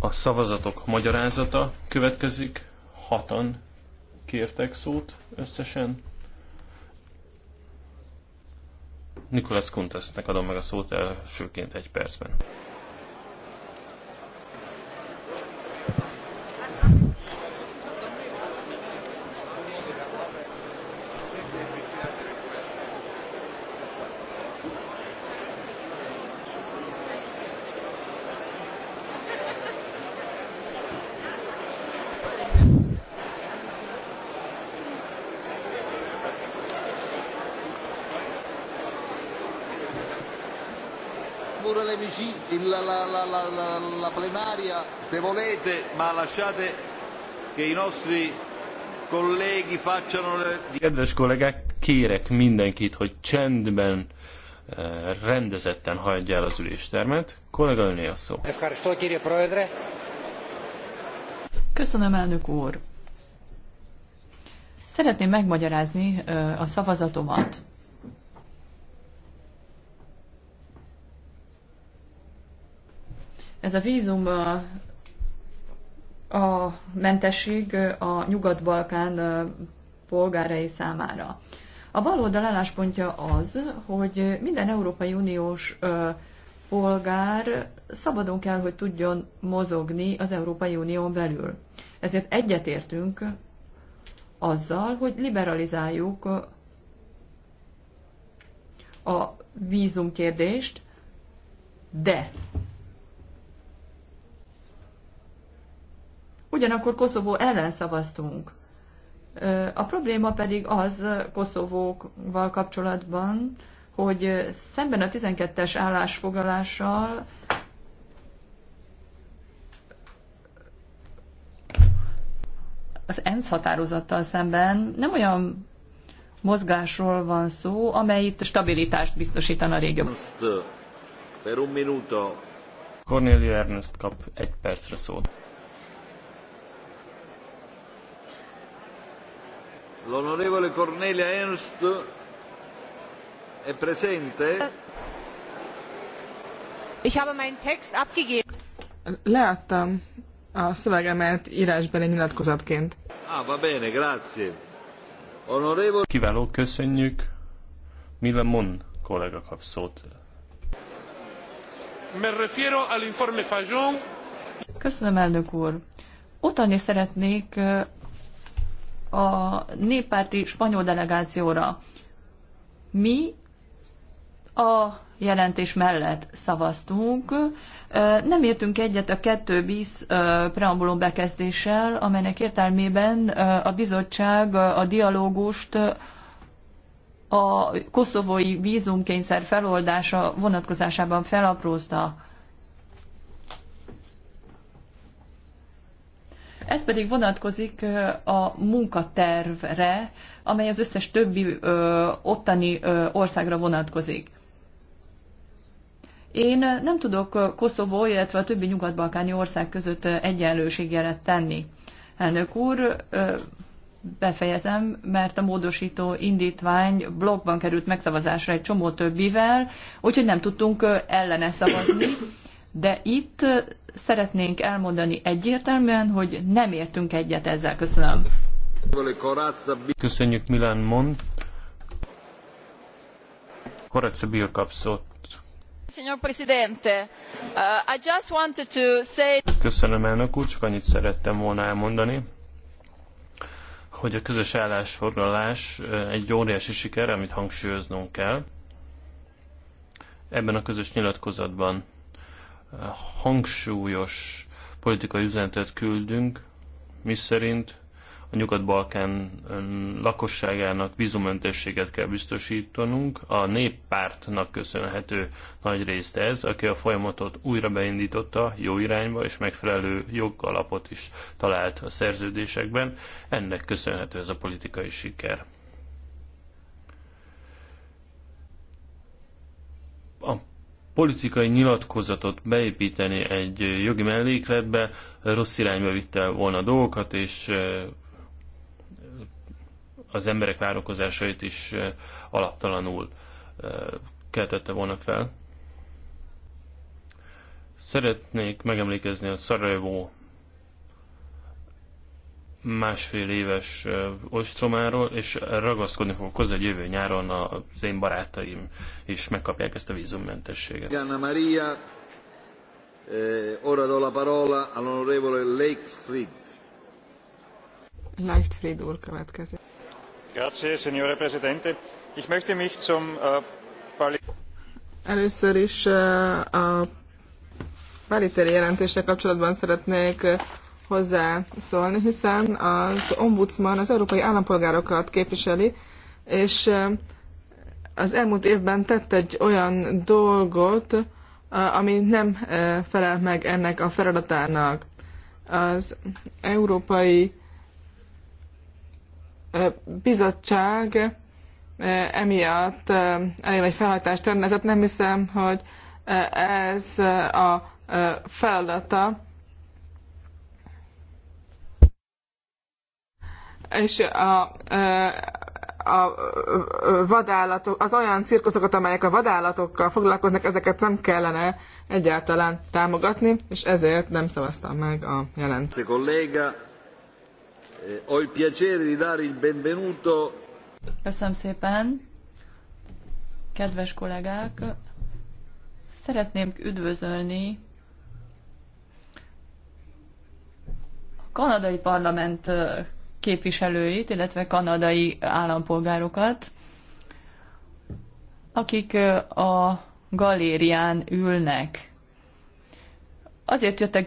A szavazatok magyarázata következik. Hatan kértek szót összesen. Nikolas Kuntesznek adom meg a szót elsőként egy percben. pure la la, la, la, la plenaria se volete, ma lasciate che i nostri colleghi facciano le... Kedves kollégák, kérek mindenkit, hogy csendben eh, rendezetten hagyja el az üléstermet. Kollega önné a szó. Köszönöm, elnök úr. Szeretném megmagyarázni eh, a szavazatomat. Ez a vízum a, a mentesség a Nyugat-Balkán polgárai számára. A baloldal álláspontja az, hogy minden Európai Uniós polgár szabadon kell, hogy tudjon mozogni az Európai Unión belül. Ezért egyetértünk azzal, hogy liberalizáljuk a vízumkérdést, de ugyanakkor Koszovó ellen szavaztunk. A probléma pedig az Koszovóval kapcsolatban, hogy szemben a 12-es állásfoglalással az ENSZ határozattal szemben nem olyan mozgásról van szó, amely itt stabilitást biztosítana a régióban. Per un minuto. Cornelio Ernest kap egy percre szót. L'onorevole Cornelia Ernst è presente? Ich habe meinen Text abgegeben. Leadtam a szövegemet írásbeli nyilatkozatként. Ah, va bene, grazie. Onorevole... Kiváló, köszönjük. Mille Mon kollega kap szót. Me refiero al informe Fajon. Köszönöm, elnök úr. Utalni szeretnék a néppárti spanyol delegációra. Mi a jelentés mellett szavaztunk. Nem értünk egyet a kettő bíz preambulum bekezdéssel, amelynek értelmében a bizottság a dialógust a koszovói vízumkényszer feloldása vonatkozásában felaprózta. Ez pedig vonatkozik a munkatervre, amely az összes többi ö, ottani ö, országra vonatkozik. Én nem tudok Koszovó, illetve a többi nyugat-balkáni ország között egyenlőségjelet tenni. Elnök úr, ö, befejezem, mert a módosító indítvány blogban került megszavazásra egy csomó többivel, úgyhogy nem tudtunk ellene szavazni, de itt szeretnénk elmondani egyértelműen, hogy nem értünk egyet ezzel. Köszönöm. Köszönjük Milán Mond. Koratsa Bir kap Signor Presidente, uh, I just wanted to say... Köszönöm elnök úr, csak annyit szerettem volna elmondani, hogy a közös állásfoglalás uh, egy óriási siker, amit hangsúlyoznunk kell. Ebben a közös nyilatkozatban hangsúlyos politikai üzenetet küldünk, miszerint a Nyugat-Balkán lakosságának vízumentességet kell biztosítanunk. A néppártnak köszönhető nagy részt ez, aki a folyamatot újra beindította jó irányba, és megfelelő jogalapot is talált a szerződésekben. Ennek köszönhető ez a politikai siker. politikai nyilatkozatot beépíteni egy jogi mellékletbe, rossz irányba vitte volna a dolgokat, és eh, az emberek várakozásait is eh, alaptalanul eh, keltette volna fel. Szeretnék megemlékezni a Szarajevó másfél éves ostromáról, és ragaszkodni fogok hozzá, hogy jövő nyáron az én barátaim is megkapják ezt a vízummentességet. Anna Maria, eh, ora do la parola all'onorevole Leichtfried. Leichtfried úr következik. Grazie, signore Presidente. Ich möchte mich zum uh, Először is uh, a paritéri jelentéssel kapcsolatban szeretnék uh, hozzá szólni, hiszen az ombudsman az európai állampolgárokat képviseli, és eh, az elmúlt évben tett egy olyan dolgot, eh, ami nem eh, felel meg ennek a feladatának. Az Európai Bizottság emiatt elég egy felhajtást rendezett. Nem hiszem, hogy ez a feladata és a, a vadállatok, az olyan cirkuszokat, amelyek a vadállatokkal foglalkoznak, ezeket nem kellene egyáltalán támogatni, és ezért nem szavaztam meg a jelent. Eh, Köszönöm szépen, kedves kollégák! Szeretném üdvözölni a kanadai parlament eh, képviselőit, illetve kanadai állampolgárokat, akik a galérián ülnek. Azért jöttek